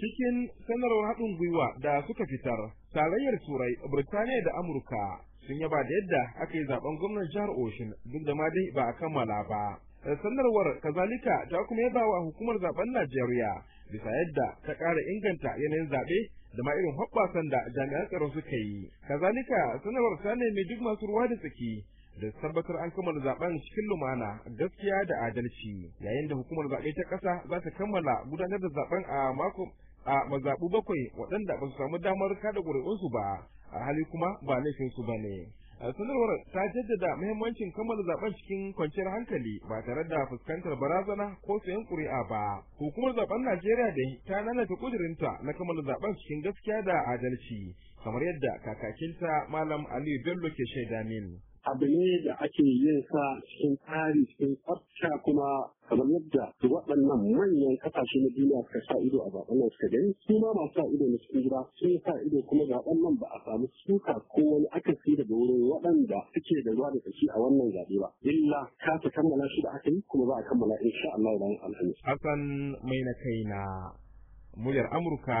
cikin sanarwar haɗin gwiwa da suka fitar tarayyar turai birtaniya da amurka sun yaba da yadda aka yi zaben gwamnan jihar oshin duk da ma dai ba a kammala ba sanarwar kazalika ta kuma yaba wa hukumar zaben najeriya bisa yadda ta ƙara inganta yanayin zaɓe da ma irin hoɓɓasan da jami'an tsaro suka yi kazalika sanarwar ta nemi duk masu ruwa da tsaki da tabbatar an kammala zaben cikin lumana gaskiya da adalci yayin da hukumar zaɓe ta ƙasa za ta kammala gudanar da zaben a mako a mazaɓu bakwai waɗanda ba su samu damar kada ƙuri'unsu ba a hali kuma ba laifinsu ba ne. sanarwar ta jaddada mahimmancin kammala zaben cikin kwanciyar hankali ba tare da fuskantar barazana ko sayan ƙuri'a ba hukumar zaben najeriya da ta nanata ƙudurinta na kammala zaben cikin gaskiya da adalci kamar yadda kakakinta malam aliyu bello ke shaida mini abu ne da ake yin sa cikin tsari cikin tsafta kuma kamar yadda waɗannan manyan kasashe na duniya suka sa ido a zaɓen nan suka gani su ma masu sa ido na cikin gida sun sa ido kuma zaɓen nan ba a samu suka ko wani aka akasi daga wurin waɗanda suke da ruwa da tsaki a wannan zaɓe ba illa ka ta kammala shi da aka yi kuma za a kammala insha Allah bayan alhamis. Hassan mai na kaina muryar Amurka